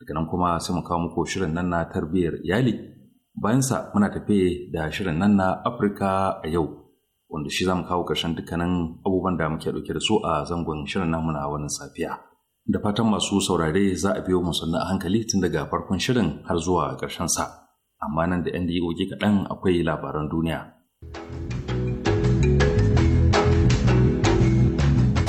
daga nan kuma sai mu kawo muku shirin nan na tarbiyyar iyali bayansa muna tafe da shirin nan na afirka a yau wanda shi zamu kawo ƙarshen dukkanin abubuwan da muke ɗauke da su a zangon shirin namu na wannan safiya da fatan masu saurare za a biyo mu na hankali tun daga farkon shirin har zuwa ƙarshen sa amma nan da yan daƙiƙoƙi kaɗan akwai labaran duniya.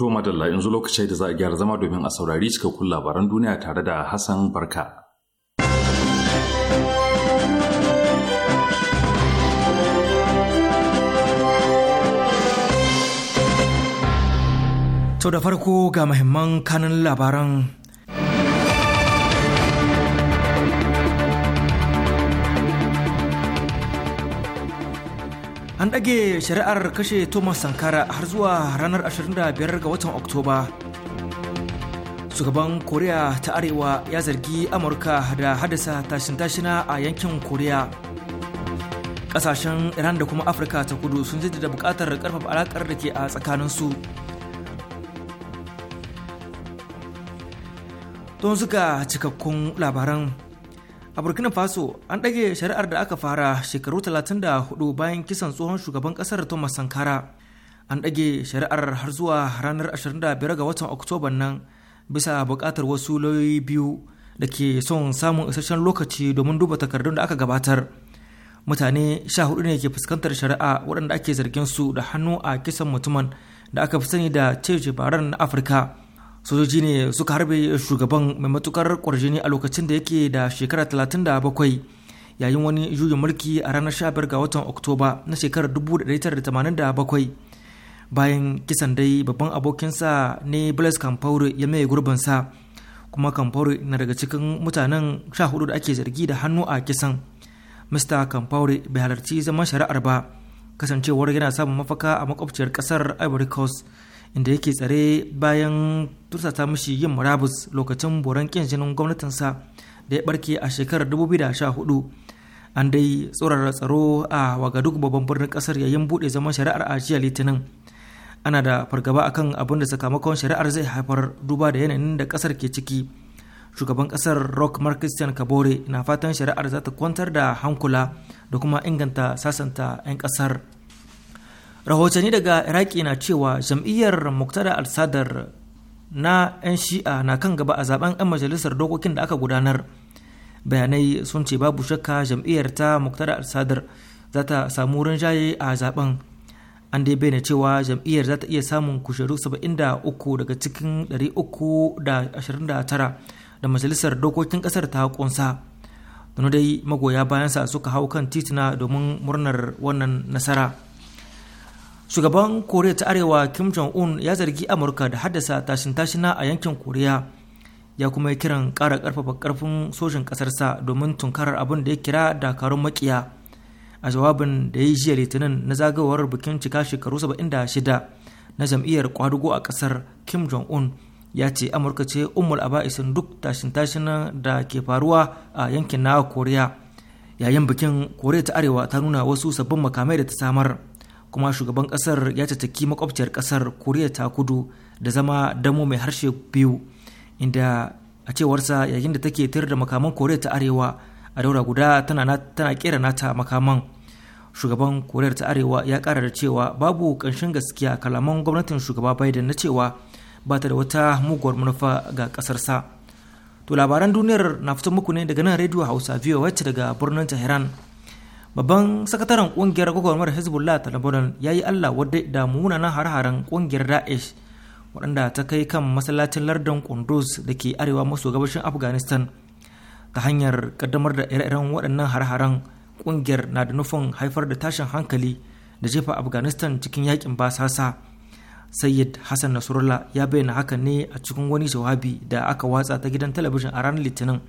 To madalla yanzu lokaci da za a gyara zama domin a saurari cikakkun labaran duniya tare da Hassan Barka. To da farko ga mahimman kanin labaran an ɗage shari'ar kashe thomas sankara har zuwa ranar 25 ga watan oktoba shugaban koriya ta arewa ya zargi amurka da haddasa tashin-tashina a yankin koriya Ƙasashen iran da kuma afirka ta kudu sun da buƙatar ƙarfafa alaƙar da ke a tsakaninsu don suka cikakkun labaran a burkina faso an ɗage shari'ar da aka fara shekaru 34 bayan kisan tsohon shugaban ƙasar thomas sankara an ɗage shari'ar har zuwa ranar 25 ga watan oktoba nan bisa buƙatar wasu lauyoyi biyu da ke son samun isasshen lokaci domin duba takardun da aka gabatar mutane sha hudu ne ke fuskantar shari'a waɗanda ake zargin su da hannu a kisan mutumin da aka fi sani da ce baran na afirka sojoji ne suka harbe shugaban mai matukar kwarjini a lokacin da yake da shekara 37 yayin wani juyin mulki a ranar 15 ga watan oktoba na shekarar 1987 bayan kisan dai babban abokinsa ne blaise kamfaure ya mai gurbinsa kuma kamfaure na daga cikin mutanen 14 da ake zargi da hannu a kisan mr kamfaure bai halarci zaman shari'ar ba kasancewar yana samun mafaka a makwabciyar kasar ivory coast inda yake tsare bayan tursata mashi yin murabus lokacin boran kin jinin gwamnatinsa da ya barke a shekarar 2014 an dai tsorara tsaro a wagaduk babban birnin kasar yayin bude zaman shari'ar a jiya litinin ana da fargaba akan abin da sakamakon shari'ar zai haifar duba da yanayin da kasar ke ciki shugaban kasar rock mark christian kabore na fatan shari'ar za ta kwantar da hankula da kuma inganta sasanta 'yan kasar rahotanni daga iraki na cewa jam'iyyar muktada al-sadar na 'yan shi'a na kan gaba a zaben 'yan majalisar dokokin da aka gudanar bayanai sun ce babu shakka jam'iyyar ta muktada al-sadar za ta samu rinjaye a zaben an dai bayyana cewa jam'iyyar za ta iya samun da 73 daga cikin 329 da majalisar dokokin kasar ta kunsa tunu dai magoya bayansa suka hau kan titina domin murnar wannan nasara shugaban koriya ta arewa kim jong-un ya zargi amurka da haddasa tashin-tashina a yankin koriya ya kuma yi kiran kara karfafa karfin sojin kasarsa domin tunkarar abin da ya kira dakarun makiya a jawabin da ya yi jiya litinin na zagawar bikin cika shekaru 76 na jam'iyyar kwadugo a kasar kim jong-un ya ce amurka ce umar aba'isin duk tashin tashina da ke faruwa a yankin na koriya yayin bikin koriya ta arewa ta nuna wasu sabbin makamai da ta samar kuma shugaban kasar ya tattaki makwabciyar kasar koriya ta kudu da zama damo mai harshe biyu inda a cewarsa yayin da take tayar da makaman koriya ta arewa a daura guda tana, tana kera nata makaman shugaban koriya ta arewa ya kara da cewa babu ƙanshin gaskiya kalaman gwamnatin shugaba biden na cewa ba ta da wata muguwar manufa ga ƙasarsa to labaran duniyar na fito muku ne daga nan rediyo hausa biyu wacce daga birnin tehran babban sakataren kungiyar gwagwarmar hezbollah ta lebanon ya yi allah wadda da munanan har-haren kungiyar daesh waɗanda ta kai kan masallacin lardin kunduz da ke arewa maso gabashin afghanistan ta hanyar kaddamar da ire-iren waɗannan har-haren kungiyar na da nufin haifar da tashin hankali da jefa afghanistan cikin yakin basasa sayyid hassan nasrullah ya bayyana haka ne a cikin wani jawabi da aka watsa ta gidan talabijin a ranar litinin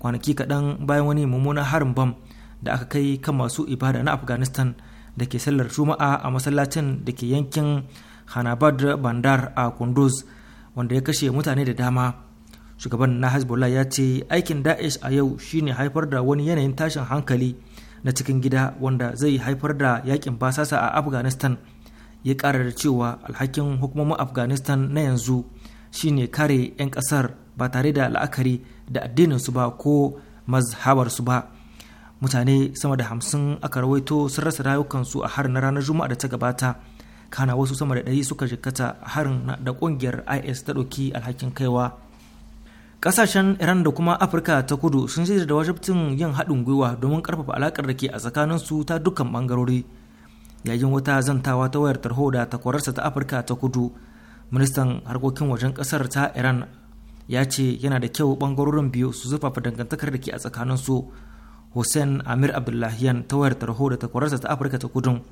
kwanaki kaɗan bayan wani mummunan harin bam da aka kai kan masu ibada na afghanistan da ke sallar juma'a a masallacin da ke yankin hanabad bandar a kunduz wanda ya kashe mutane da dama shugaban na hezbollah ya ce aikin daesh a yau shine haifar da wani yanayin tashin hankali na cikin gida wanda zai haifar da yakin basasa a afghanistan ya kara da cewa alhakin hukumomin afghanistan na yanzu shine kare 'yan kasar ba tare da la'akari da addininsu ba ko mazhabarsu ba mutane sama da hamsin aka rawaito sun rasa rayukansu a harin na ranar juma'a da ta gabata kana wasu sama da ɗari suka jikkata a harin da ƙungiyar is ta ɗauki alhakin kaiwa ƙasashen iran da kuma afirka ta kudu sun shirya da wajibcin yin haɗin gwiwa domin ƙarfafa alaƙar da ke a tsakaninsu ta dukkan ɓangarori yayin wata zantawa ta wayar tarho da takwararsa ta afirka ta kudu ministan harkokin wajen ƙasar ta iran ya ce yana da kyau ɓangarorin biyu su zufafa dangantakar da ke a tsakaninsu hussein amir abdullahiyan ta wayar tarho da takwararsa ta afirka ta kudun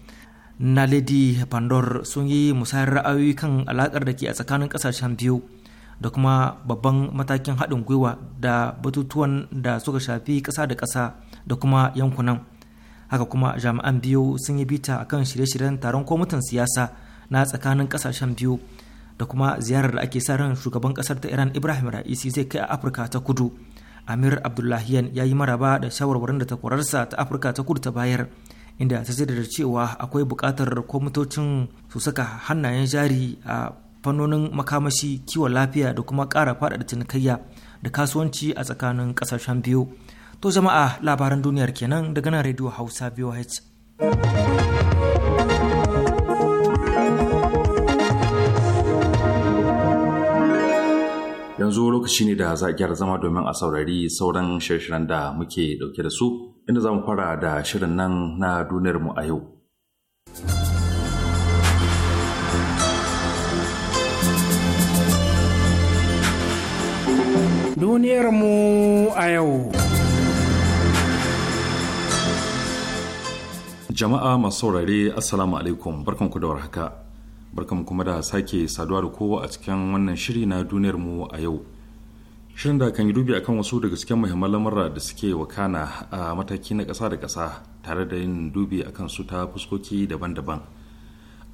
na lady pandor sun yi musayar ra'ayoyi kan alakar da ke a tsakanin kasashen biyu da kuma babban matakin haɗin gwiwa da batutuwan da suka shafi ƙasa da ƙasa da kuma yankunan haka kuma jami'an biyu sun yi bita akan shirye-shiryen taron kwamitin siyasa na tsakanin ƙasashen biyu da kuma ziyarar da ake sa ran shugaban ƙasar ta iran ibrahim ra'isi zai kai a afirka ta kudu amir abdullahiyan ya yi maraba da shawarwarin da takwararsa ta afirka ta kudu ta bayar inda ta da cewa akwai buƙatar kwamitocin su saka hannayen jari a fannonin makamashi kiwon lafiya da kuma ƙara faɗaɗa cinikayya da kasuwanci a tsakanin ƙasashen biyu to jama'a labaran duniyar kenan daga nan rediyo hausa voh lokaci ne da za a gyara zama domin a saurari sauran shirin da muke dauke da su inda za mu fara da shirin nan na duniyar mu a yau. Duniyar mu a yau. Jama'a masu saurare Assalamu alaikum barkanku da warhaka. barkan kuma da sake saduwa da kowa a cikin wannan shiri na duniyar mu a yau shirin da kan yi dubi akan wasu daga cikin muhimman lamura da suke wakana a mataki na kasa da kasa tare da yin dubi akan su ta fuskoki daban-daban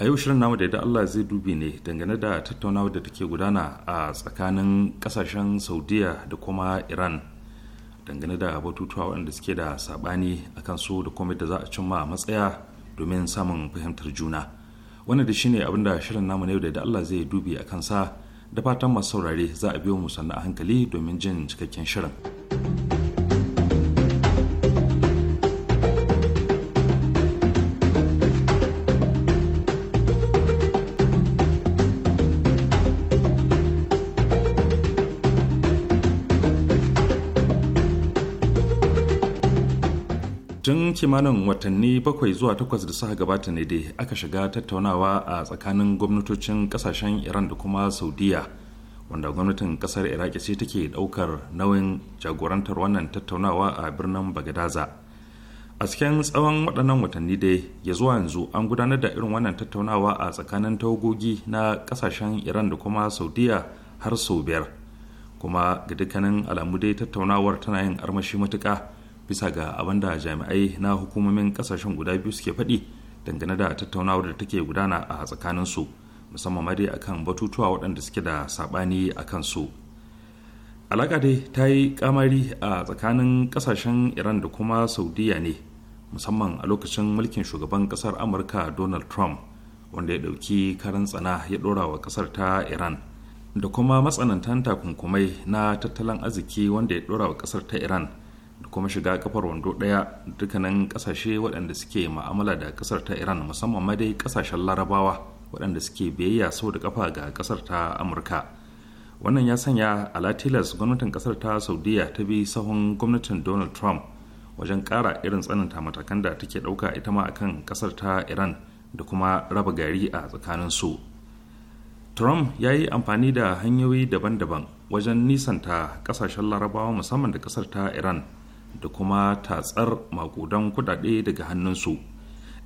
a yau shirin namu da Allah zai dubi ne dangane da tattaunawar da take gudana a tsakanin kasashen saudiya da kuma iran dangane da batutuwa waɗanda suke da saɓani kan su da kuma da za a cimma matsaya domin samun fahimtar juna wanda da shine abinda shirin namu na yau da Allah zai dubi akan sa da fatan masu saurare za a biyo mu sannan a hankali domin jin cikakken shirin. kimanin watanni bakwai zuwa takwas da suka gabata ne dai aka shiga tattaunawa a tsakanin gwamnatocin kasashen iran da kuma saudiya wanda gwamnatin kasar iraki ce take daukar nauyin jagorantar wannan tattaunawa a birnin bagadaza a cikin tsawon waɗannan watanni dai ya zuwa yanzu an gudanar da irin wannan tattaunawa a tsakanin tawagogi na kasashen iran da kuma saudiya har sau biyar kuma ga dukkanin alamu dai tattaunawar tana yin armashi matuka. bisa ga abin da jami'ai na hukumomin kasashen guda biyu suke faɗi dangane da tattaunawar da take gudana a tsakanin su musamman ma dai akan batutuwa waɗanda suke da saɓani a kansu alaƙa dai ta yi kamari a tsakanin ƙasashen iran da kuma saudiya ne musamman a lokacin mulkin shugaban ƙasar amurka donald trump wanda ya ɗauki karin tsana ya ɗora wa ƙasar ta iran da kuma matsanantan takunkumai na tattalin arziki wanda ya ɗora wa ƙasar ta iran kuma shiga kafar wando daya dukkanin kasashe waɗanda suke ma'amala da kasar ta iran musamman ma dai kasashen larabawa waɗanda suke biyayya sau da kafa ga kasar ta amurka wannan ya sanya alatilas gwamnatin kasar ta saudiya ta bi sahun gwamnatin donald trump wajen ƙara irin tsananta matakan da take ɗauka ita ma akan kasar ta iran da kuma raba gari a tsakanin su trump ya yi amfani da hanyoyi daban-daban wajen nisanta kasashen larabawa musamman da kasar ta iran da kuma tatsar makudan kudade daga hannunsu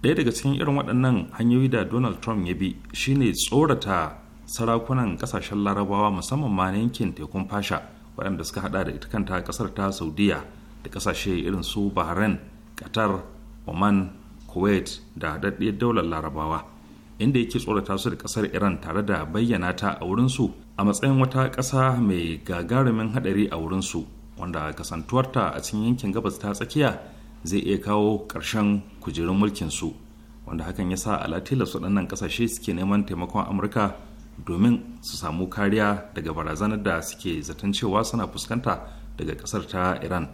ɗaya daga cikin irin waɗannan hanyoyi da donald trump ya bi shine tsorata sarakunan ƙasashen larabawa musamman ma na yankin tekun fasha waɗanda suka hada da ita kanta ƙasar ta saudiya da ƙasashe irin su bahrain qatar oman kuwait da haɗaɗɗiyar daular larabawa inda yake tsorata su da ƙasar iran tare da bayyana ta a wurinsu a matsayin wata ƙasa mai gagarumin haɗari a wurinsu wanda kasantuwarta a cikin yankin gabas ta tsakiya zai iya kawo ƙarshen kujerun mulkin su wanda hakan ya sa alatila waɗannan ƙasashe suke neman taimakon amurka domin su samu kariya daga barazanar da suke zaton cewa suna fuskanta daga ƙasar ta iran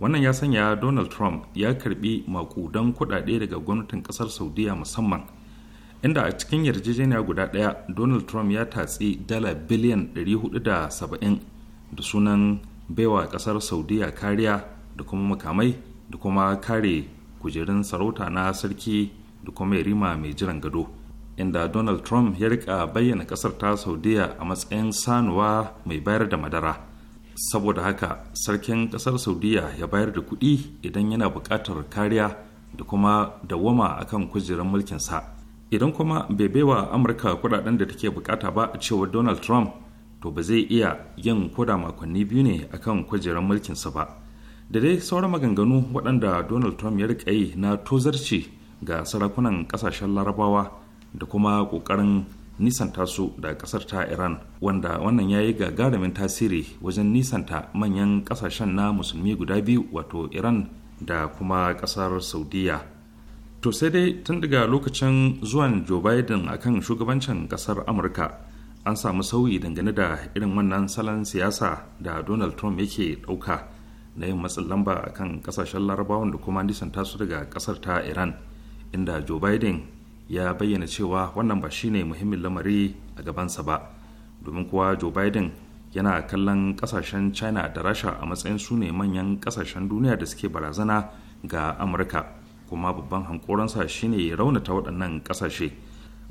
wannan ya sanya donald trump ya karbi makudan kuɗaɗe daga gwamnatin ƙasar saudiya musamman inda a cikin yarjejeniya guda ɗaya donald trump ya tatsi dala biliyan 470 da sunan baiwa kasar saudiya kariya da kuma makamai da kuma kare kujerun sarauta na sarki da kuma yarima mai jiran gado inda donald trump ya rika bayyana kasar ta saudiya a matsayin sanuwa mai bayar da madara saboda haka sarkin kasar saudiya ya bayar da kuɗi idan yana buƙatar kariya da kuma dawwama akan kujerun mulkinsa idan kuma bai baiwa amurka kuɗaɗen da take bukata ba a cewar donald trump to ba zai iya yin koda makonni biyu ne akan kujerar mulkinsa ba da dai sauran maganganu waɗanda donald trump ya riƙa yi na tozarci ga sarakunan ƙasashen larabawa da kuma ƙoƙarin nisanta su da ƙasar ta iran wanda wannan ya yi gagarumin tasiri wajen nisanta manyan ƙasashen na musulmi guda biyu wato iran da kuma ƙasar saudiya to sai dai tun daga lokacin zuwan joe biden akan shugabancin ƙasar amurka an samu sauyi dangane da irin wannan salon siyasa da donald trump yake dauka na yin matsin lamba a kan kasashen larabawan da kuma nisan su daga ƙasar ta iran inda joe biden ya bayyana cewa wannan ba shine muhimmin lamari a gabansa ba domin kuwa joe biden yana kallon kasashen china da rasha a matsayin su ne manyan kasashen duniya da suke barazana ga amurka kuma babban hankoransa shine raunata waɗannan kasashe.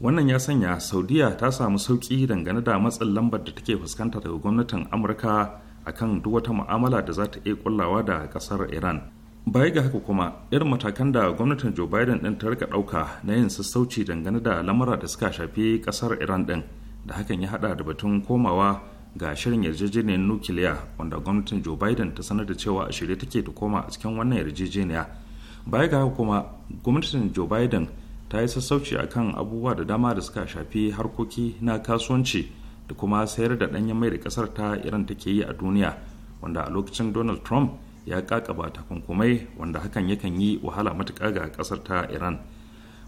wannan ya sanya saudiya ta samu sauki dangane da matsin lambar da take fuskanta daga gwamnatin amurka akan duk wata mu'amala da za ta iya kullawa da ƙasar iran baya ga haka kuma irin matakan da gwamnatin joe biden din ta rika ɗauka na yin sassauci dangane da lamura da suka shafi kasar iran din da hakan ya haɗa da batun komawa ga shirin yarjejeniyar nukiliya wanda gwamnatin joe biden ta sanar da cewa a shirye take ta koma a cikin wannan yarjejeniya baya ga haka kuma gwamnatin joe biden ta yi sassauci a kan abubuwa da dama da suka shafi harkoki na kasuwanci da kuma sayar da ɗanyen mai da ƙasar ta iran take yi a duniya wanda a lokacin donald trump ya ƙaƙaba takunkumai wanda hakan yakan yi wahala matuka ga ƙasar ta iran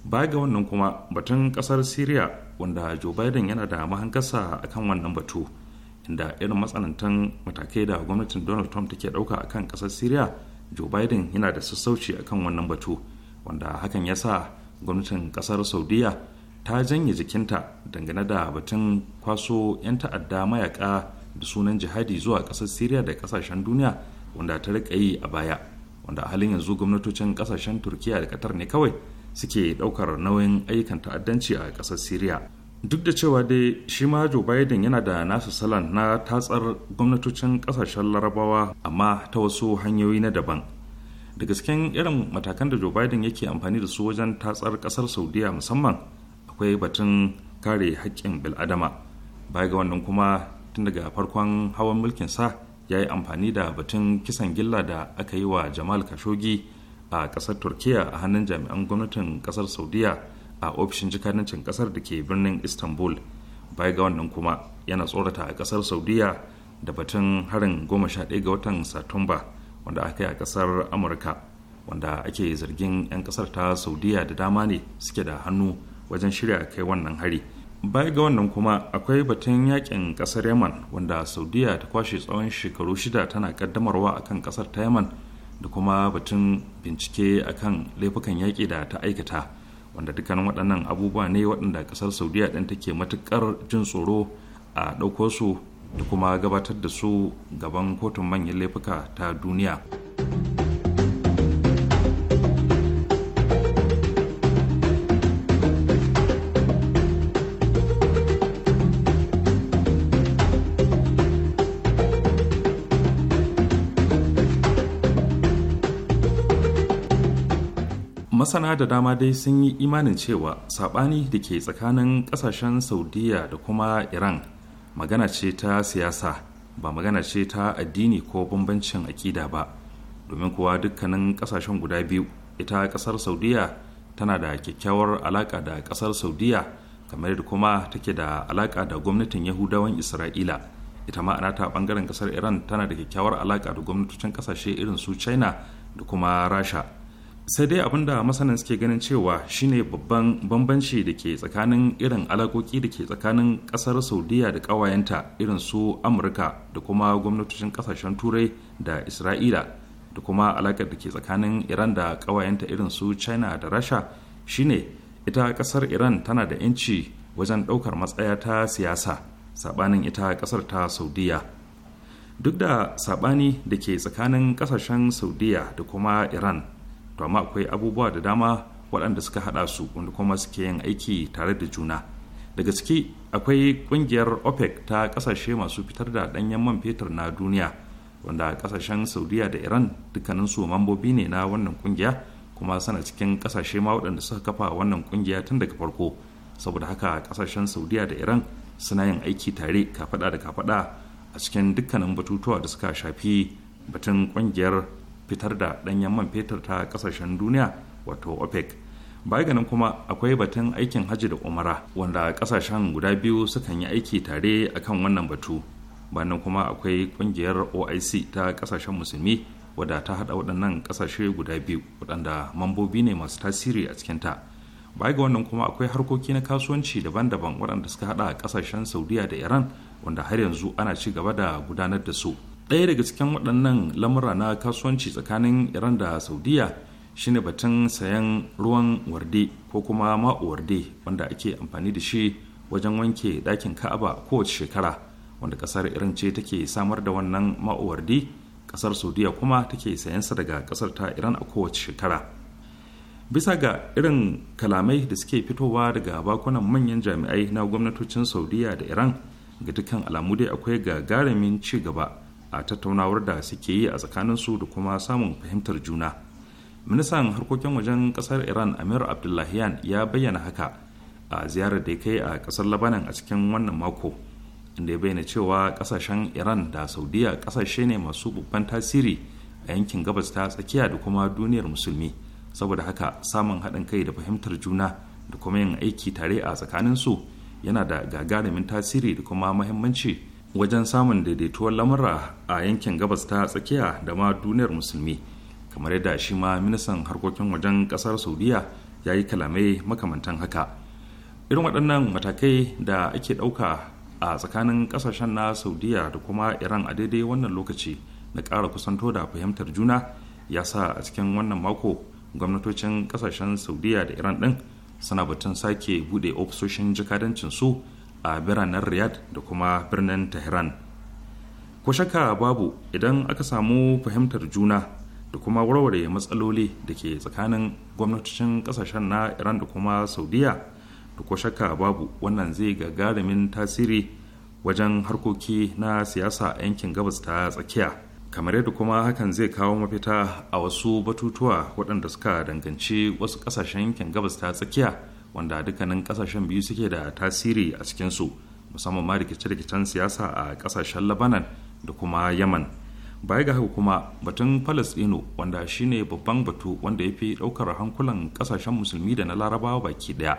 baya ga wannan kuma batun ƙasar syria wanda joe biden yana da a akan wannan batu inda irin matsanantan matakai da gwamnatin donald trump take ɗauka kan ƙasar syria joe biden yana da sassauci akan wannan batu wanda hakan ya sa gwamnatin kasar saudiya ta janye jikinta dangane da batun kwaso 'yan ta'adda mayaka da sunan jihadi zuwa kasar syria da kasashen duniya wanda ta rika yi a baya wanda a halin yanzu gwamnatocin kasashen turkiya da qatar ne kawai suke daukar nauyin ayyukan ta'addanci a kasar syria duk da cewa dai shi ma joe biden yana da nasu salon na tatsar gwamnatocin kasashen larabawa amma ta wasu hanyoyi na daban da gasken irin matakan da joe biden yake amfani da su wajen tatsar kasar saudiya musamman akwai batun kare haƙƙin bil'adama baya ga wannan kuma tun daga farkon hawan mulkin sa ya yi amfani da batun kisan gilla da aka yi wa jamal kashogi a ƙasar turkiya a hannun jami'an gwamnatin ƙasar saudiya a ofishin jikanancin ƙasar da ke birnin istanbul baya ga wannan kuma yana tsorata a ƙasar saudiya da batun harin 11 ga watan satumba wanda aka yi a kasar amurka wanda ake zargin 'yan kasar ta saudiya da dama ne suke da hannu wajen shirya kai wannan hari baya ga wannan kuma akwai batun yakin kasar yaman wanda saudiya ta kwashe tsawon shekaru shida tana kaddamarwa akan kasar ta yaman da kuma batun bincike akan laifukan yaƙi da ta aikata wanda dukkanin waɗannan abubuwa ne waɗanda ƙasar saudiya ɗin take matuƙar jin tsoro a ɗauko su da kuma gabatar da su gaban kotun manyan laifuka ta duniya masana da dama dai sun yi imanin cewa sabani da ke tsakanin kasashen saudiya da kuma iran magana ce ta siyasa ba magana ce ta addini ko bambancin aƙida ba domin kuwa dukkanin ƙasashen guda biyu ita ƙasar saudiya tana da kyakkyawar alaƙa da ƙasar saudiya kamar da kuma take da alaƙa da gwamnatin yahudawan isra'ila ita ma ana ta ɓangaren ƙasar iran tana da kyakkyawar alaƙa da gwamnatocin ƙasashe irin su china da kuma rasha sai dai abinda masanan suke ganin cewa shine babban bambanci da ke tsakanin irin alakoki da ke tsakanin kasar saudiya da kawayenta irin su amurka da kuma gwamnatocin kasashen turai da isra'ila da kuma alakar da ke tsakanin iran da kawayenta irin su china da rasha shine ita kasar iran tana da 'yanci wajen ɗaukar matsaya ta siyasa saɓanin ita kasar ta saudiya duk da saɓani da ke tsakanin kasashen saudiya da kuma iran to amma akwai abubuwa da dama waɗanda suka haɗa su wanda kuma suke yin aiki tare da juna daga ciki akwai ƙungiyar opec ta ƙasashe masu fitar da ɗanyen man fetur na duniya wanda ƙasashen saudiya da iran dukkaninsu mambobi ne na wannan ƙungiya kuma sana cikin ƙasashe ma waɗanda suka kafa wannan ƙungiya tun daga farko saboda haka ƙasashen saudiya da iran suna yin aiki tare kafaɗa da kafaɗa a cikin dukkanin batutuwa da suka shafi batun ƙungiyar fitar da ɗanyen man fetur ta ƙasashen duniya wato opec baya ganin kuma akwai batun aikin hajji da umara wanda ƙasashen guda biyu sukan yi aiki tare akan wannan batu bayan kuma akwai ƙungiyar oic ta ƙasashen musulmi wadda ta haɗa waɗannan ƙasashe guda biyu waɗanda mambobi ne masu tasiri a cikinta baya ga wannan kuma akwai harkoki na kasuwanci daban-daban waɗanda suka haɗa ƙasashen saudiya da iran wanda har yanzu ana ci gaba da gudanar da su ɗaya daga cikin waɗannan lamura na kasuwanci tsakanin iran da saudiya shine batun sayan ruwan warde ko kuma ma'o warde wanda ake amfani da shi wajen wanke ɗakin ka'aba kowace shekara wanda ƙasar iran ce take samar da wannan ma'o warde ƙasar saudiya kuma take sayansa daga ƙasar ta iran a kowace shekara bisa ga irin kalamai da suke fitowa daga bakunan manyan jami'ai na gwamnatocin saudiya da iran ga dukkan alamu dai akwai gagarumin ci gaba a tattaunawar da suke yi a tsakaninsu da kuma samun fahimtar juna ministan harkokin wajen kasar iran amir Abdullahiyan ya bayyana haka a ziyarar da ya kai a kasar labanan a cikin wannan mako inda ya bayyana cewa kasashen iran da saudiya kasashe ne masu babban tasiri a yankin gabas ta tsakiya da kuma duniyar musulmi saboda haka samun haɗin kai da fahimtar juna da kuma yin aiki tare a tsakaninsu yana da gagarumin tasiri da kuma mahimmanci wajen samun daidaituwar lamura a yankin gabas ta tsakiya da ma duniyar musulmi kamar yadda shi ma ministan harkokin wajen kasar saudiya ya yi kalamai makamantan haka irin waɗannan matakai da ake ɗauka a tsakanin ƙasashen na saudiya da kuma iran a daidai wannan lokaci na ƙara kusanto da fahimtar juna ya sa a cikin wannan mako gwamnatocin ƙasashen saudiya da iran ɗin suna batun sake buɗe ofisoshin jikadancin su a biranen riyadh da kuma birnin tehran ko shakka babu idan aka samu fahimtar juna da kuma warware matsaloli da ke tsakanin gwamnatocin kasashen na iran da kuma saudiya da ko shakka babu wannan zai gagarumin tasiri wajen harkoki na siyasa a yankin gabas ta tsakiya kamar yadda kuma hakan zai kawo mafita a wasu batutuwa waɗanda suka danganci wasu ƙasashen yankin gabas ta tsakiya wanda dukkanin kasashen biyu suke da tasiri a cikinsu musamman ma rikice-rikicen siyasa a kasashen labanan da kuma yaman baya ga haka kuma batun palestino wanda shine babban batu wanda ya fi daukar hankulan kasashen musulmi da na larabawa baki ɗaya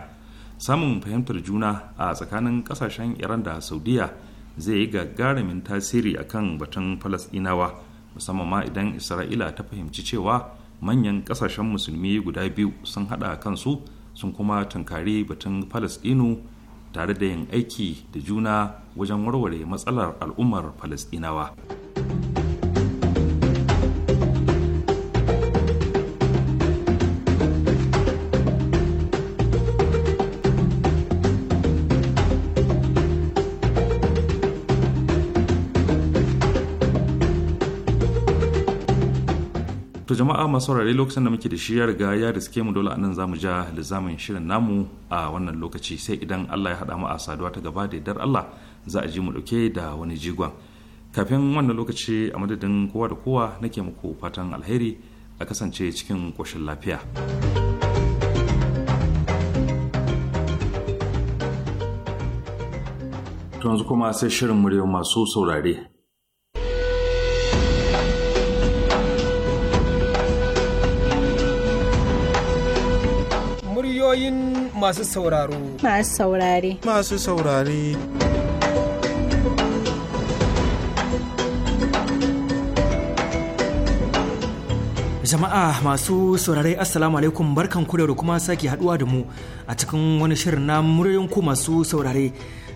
samun fahimtar juna a tsakanin kasashen iran da saudiya zai yi gagarumin tasiri a kan batun palestinawa musamman ma idan isra'ila ta fahimci cewa manyan kasashen musulmi guda biyu sun haɗa kansu sun kuma tunkari batun falasɗinu tare da yin aiki da juna wajen warware matsalar al'ummar falasɗinawa. to jama'a masu rari lokacin da muke da shi ya riga ya riske mu dole anan zamu ja lizamin shirin namu a wannan lokaci sai idan Allah ya haɗa mu a saduwa ta gaba da dar Allah za a ji mu dauke da wani jigon kafin wannan lokaci a madadin kowa da kowa nake muku fatan alheri a kasance cikin koshin lafiya. yanzu kuma sai shirin muryar masu saurare Ra'ayoyin masu sauraro. Masu saurare. Masu saurare. Jama'a masu saurare Assalamu alaikum barkan ku da kuma sake haduwa da mu a cikin wani shirin na muryoyin ku masu saurare.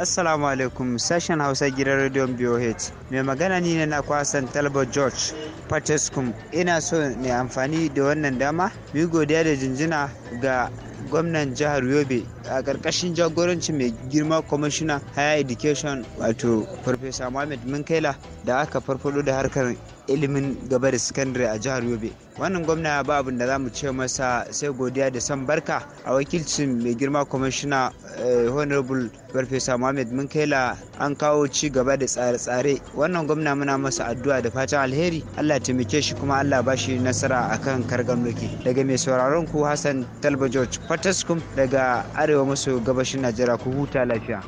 Assalamu alaikum sashen Hausa gidan rediyon BOH. Mai magana ni ne na kwasan Talba George Patescum. Ina so ne amfani da wannan dama mu godiya da jinjina ga gwamnan jihar Yobe a ƙarƙashin jagoranci mai girma commissioner higher education wato professor Mohammed Minkaila da aka farfado da harkar ilimin gaba da sakandare a jihar yobe wannan gwamna ba abin da za mu ce masa sai godiya da san barka a wakilcin mai girma kwamishina eh, honorable farfesa mohammed munkaila an kawo ci gaba da tsare-tsare wannan gwamna muna masa addu'a da fatan alheri allah taimake shi kuma allah ba shi nasara kan kargan loke daga mai sauraron ku hassan talba george fataskum daga arewa maso gabashin najeriya ku huta lafiya.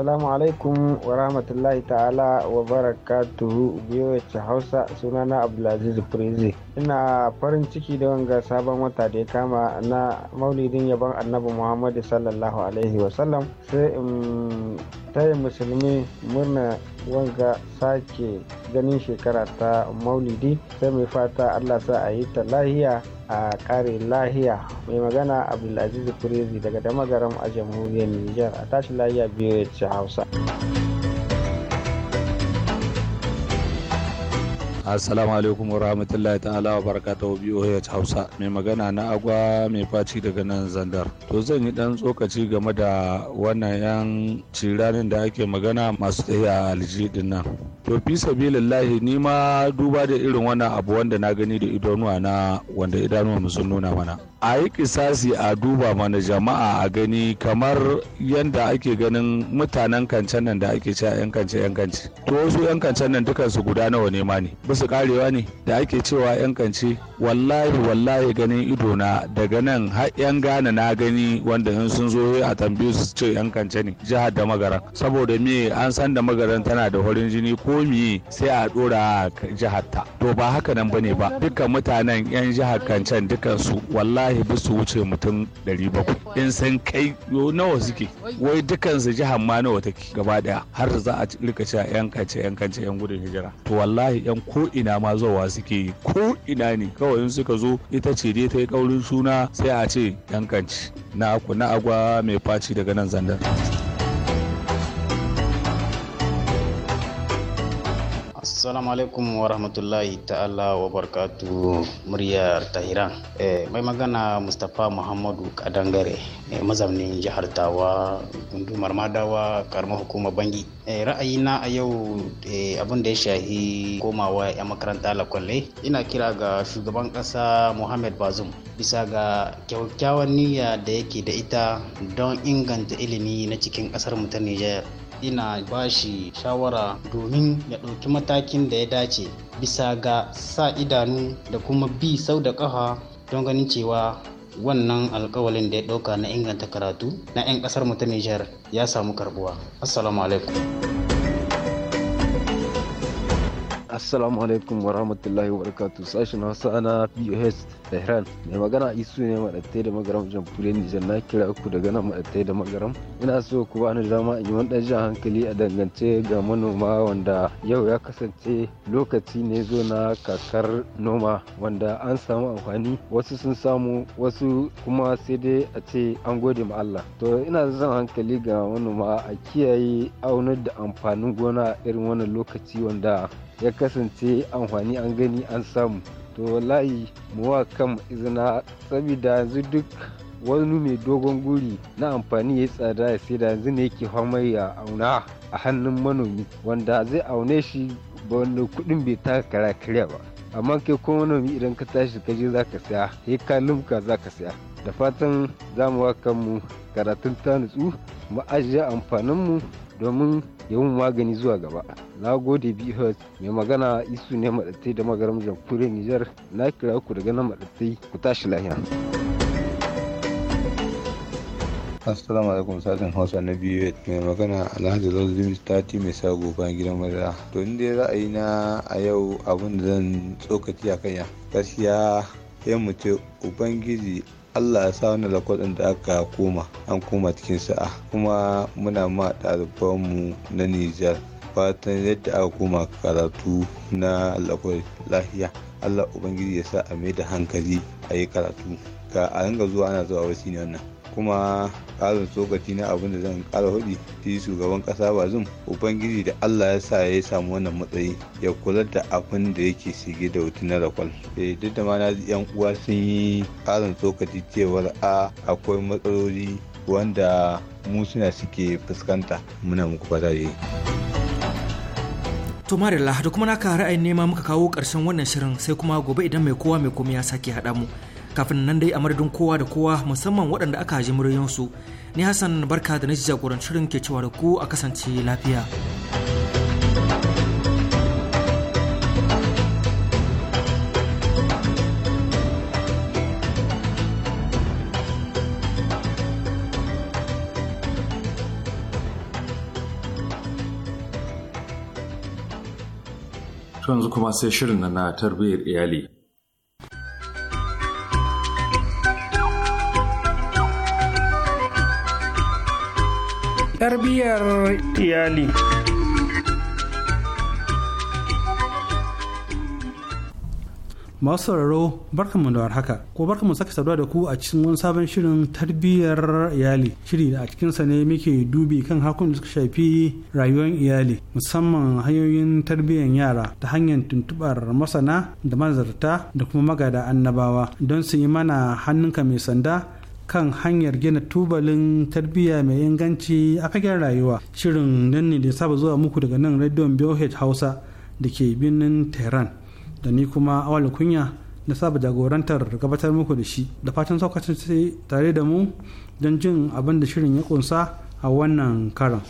Assalamu alaikum wa rahmatullahi ta'ala wa barakatuhu biyowace Hausa sunana Abdulaziz Prezi. Ina farin ciki da wanga sabon wata da ya kama na maulidin yaban annabi Muhammadu sallallahu alaihi wasallam sai in taya musulmi murna wanga sake ganin shekara ta maulidi sai mai fata Allah sa a yi ta lahiya a kare lahiya mai magana abdulaziz kurezi daga damagaram a jamhuriyar niger a tashi lahiya biyu ya hausa assalamu alaikum wa rahmatullahi ta'ala wa barakatuhu biyu hausa mai magana na agwa mai faci daga nan zandar to zan yi dan tsokaci game da wannan yan ciranin da ake magana masu tsaye a alji din nan to fi sabilillahi ni ma duba da irin wannan abu wanda na gani da idanuwa na wanda idanuwa sun nuna mana a yi kisasi a duba mana jama'a a gani kamar yanda ake ganin mutanen kancan nan da ake cewa yan kance yan kance to wasu yan kancan nan dukansu guda nawa ne ma ne su karewa ne da ake cewa yan kanci wallahi wallahi ganin idona daga nan har yan gane na gani wanda in sun zo a tambaye su ce yan kance ne jihar da magaran saboda me an san da magaran tana da horin jini ko me sai a dora jihar ta to ba haka nan bane ba dukkan mutanen yan jihar kancan dukkan su wallahi ba su wuce mutum 700 in sun kai nawa suke wai dukkan jihar ma nawa take gaba daya har za a rika cewa yan kance yan kance yan gudun hijira to wallahi yan ko ina ma zowa suke yi ko ina ne kawai in suka zo ita ce dai ta yi kaurin suna sai a ce yankanci na agwa mai faci daga nan zandar. Assalamu alaikum wa rahmatullahi ta'ala wa barkatu muryar Tahiran. Eh, mai magana Mustapha Muhammadu Kadangare eh, mazaunin jihar Tawa gundumar Madawa karamar hukumar Bangi. Eh, ra'ayina a yau eh, abin da ya shahi komawa 'yan makaranta lakwalle ina kira ga shugaban ƙasa Muhammad Bazum bisa ga kyakkyawan niyya da yake da ita don inganta ilimi na cikin ƙasar mu ta Nijar. ina ba shi shawara domin ya ɗauki matakin da ya dace bisa ga sa idanu da kuma bi sau da ƙafa don ganin cewa wannan alkawalin da ya ɗauka na inganta karatu na 'yan ƙasar mu ta Nijar ya samu karbuwa. Assalamu alaikum. assalamu alaikum wa rahmatullahi wa barakatuh sashen hausa na pos tehran mai magana a isu ne maɗattai da magaram jamhuriyar nijar na kira ku daga nan maɗattai da magaram ina so ku bani dama in yi wani ɗan hankali a dangance ga manoma wanda yau ya kasance lokaci ne zo na kakar noma wanda an samu amfani wasu sun samu wasu kuma sai dai a ce an gode ma Allah to ina zan hankali ga manoma a kiyaye aunar da amfanin gona irin wannan lokaci wanda ya kasance amfani an gani an samu to wallahi mu wa kan izina saboda yanzu duk wani mai dogon guri na amfani ya tsada ya sai da yanzu ne yake fama ya auna a hannun manomi wanda zai aune shi ba wanda kudin bai taka kara karya ba amma kai ko manomi idan ka tashi ka je za ka saya sai ka lumka za ka saya da fatan za mu wa kanmu karatun ta nutsu mu ajiye amfaninmu domin yawan magani zuwa gaba na gode bihot mai magana isu ne maɗattai da magaram jamhuriyar nijar na kira ku daga na maɗatai ku tashi lahiya assalamu alaikum sashen hausa na biyu mai magana alhaji lalzim tati mai sago a gidan madara to inda ra'ayi na a yau abin da zan tsokaci a kanya gaskiya sai mu ubangiji allah ya sa wani kudin da aka koma an koma cikin sa'a kuma muna ma ɗalibanmu na nijar fatan yadda aka koma karatu na lakwai lahiya allah ubangiji ya sa a mai da hankali a yi karatu ga a ringa zuwa ana zuwa wasu ne wannan kuma ƙarin tsokaci na abin da zan ƙara hudi shi shugaban ƙasa bazum ubangiji da allah ya sa ya samu wannan matsayi ya kula da abin da yake shige da wuti na rakwal eh, duk da ma yan uwa sun yi ƙarin tsokaci cewar a akwai matsaloli wanda mu suna suke fuskanta muna muku fata da To Marilla da kuma naka ra'ayin nema muka kawo karshen wannan shirin sai kuma gobe idan mai kowa mai komai ya sake haɗa mu. kafin nan dai a madadin kowa da kowa musamman waɗanda aka ji muryoyinsu ni hassan barka da na jagorancin ke cewa da ku a kasance lafiya. yanzu kuma sai shirin na tarbiyyar iyali tarbiyyar iyali masu sauraro barkanmu da haka ko barka barkanmu sake saduwa da ku a cikin wani sabon shirin tarbiyyar iyali shiri da a cikinsa ne muke dubi kan hakun da suka shafi rayuwar iyali musamman hanyoyin tarbiyyar yara ta hanyar tuntubar masana da manzarta da kuma magada annabawa don su yi mana hannunka mai sanda kan hanyar gina tubalin tarbiyya mai inganci a fagen rayuwa shirin nan ne da saba zuwa muku daga nan rediyon BOH Hausa da ke birnin Tehran da ni kuma awal kunya da saba jagorantar gabatar muku da shi da fatan saukacin sai tare da mu don jin abin da shirin ya kunsa a wannan karan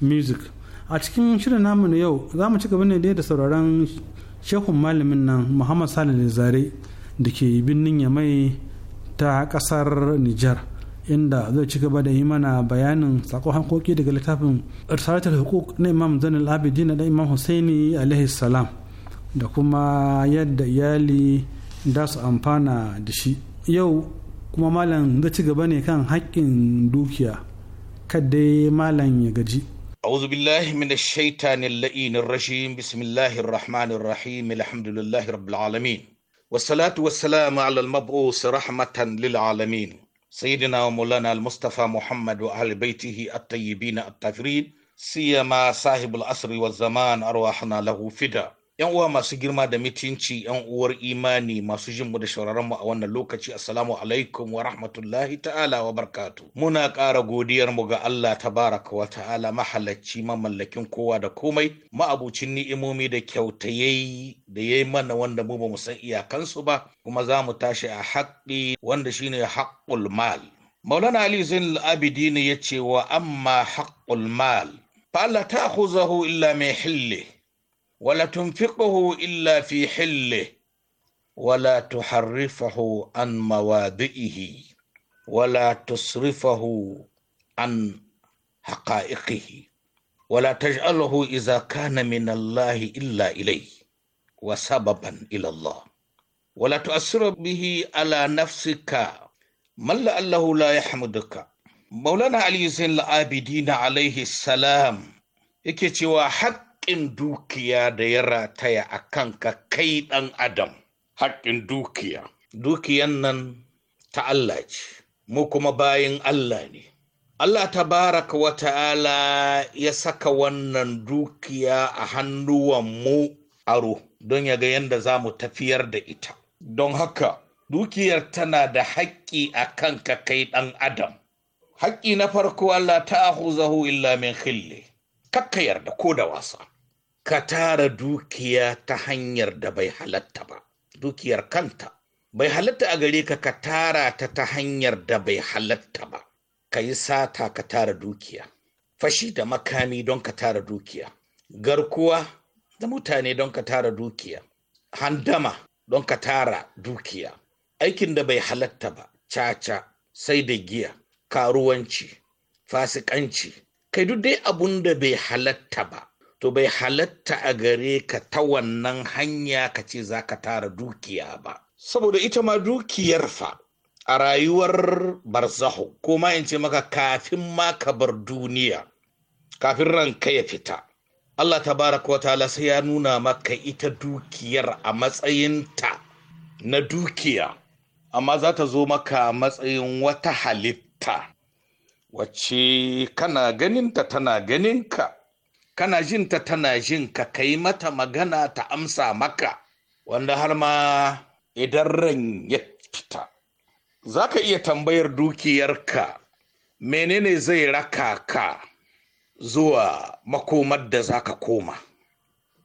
music a cikin shirin namu na yau za mu ci gaba ne da sauraron shehun malamin nan muhammad salih zare da ke birnin yamai ta kasar Nijar inda zai ci gaba da yi mana bayanin sako hankoki daga littafin risalatul Hukuk na Imam Zainul Abidin da Imam Husaini alaihi salam da kuma yadda iyali da su amfana da shi yau kuma malam zai ci gaba ne kan haƙƙin dukiya kadai malam ya gaji أعوذ بالله من الشيطان اللئين الرجيم بسم الله الرحمن الرحيم الحمد لله رب العالمين والصلاة والسلام على المبعوث رحمة للعالمين سيدنا ومولانا المصطفى محمد وأهل بيته الطيبين الطاهرين سيما صاحب العصر والزمان أرواحنا له فدا yan uwa masu girma da mutunci, yan uwar imani masu jin mu da shauraron mu a wannan lokaci assalamu alaikum wa rahmatullahi ta'ala wa barkatu muna ƙara godiyar mu ga Allah tabaraka wa ta'ala mahalacci mamallakin kowa da komai ma'abucin ni'imomi da kyautayi da yayi mana wanda mu bamu san iyakansu ba kuma za mu tashi a haƙƙi wanda shine haqqul mal maulana ali zainul abidin ya ce wa amma haqqul mal fa la khuzahu illa mai hille wala tunfiqahu ila fi hille wala tuharrifahu an mawadi'ihi wala tusrifahu an haƙa'iƙihi. wala taj'alahu idza kana min Allah illa ilayhi wa sababan ila Allah wala tu'assiru bihi ala nafsika man la'allahu la yahmuduka maulana ali zain al-abidin alayhi salam yake cewa hak haƙƙin dukiya da ya rataya a kanka kai ɗan adam haƙƙin dukiya dukiyan nan ta Allah ce mu kuma bayan Allah ne Allah tabaraka wa ta'ala ya saka wannan dukiya a hannuwan hannuwanmu aro don ya ga yadda za mu tafiyar da ita don haka dukiyar tana da haƙƙi a kanka kai ɗan adam haƙƙi na farko Allah ta zahu illa min khille kakka yarda ko da wasa ka tara dukiya ta hanyar da bai halatta ba dukiyar kanta bai halatta a gare ka ka tara ta ta hanyar da bai halatta ba ka yi sata ka tara dukiya fashi da makami don ka tara dukiya garkuwa da mutane don ka tara dukiya handama don ka tara dukiya aikin da bai halatta ba caca sai da giya karuwanci fasikanci kai duk dai abun da bai halatta ba to bai halatta a gare ka ta wannan hanya ka ce za ka tara dukiya ba saboda ita ma dukiyar fa a rayuwar barzaho ko ma in ce maka kafin ma ka bar duniya kafin ranka ya fita Allah ta wa ta'ala sai ya nuna maka ita dukiyar a matsayinta na dukiya amma za ta zo maka matsayin wata halitta wacce kana ganinta tana ganinka kana jin ta tana jin ka kai mata magana ta amsa maka wanda har ma idan ran ya fita za ka iya tambayar dukiyarka menene zai raka ka zuwa makomar da za ka koma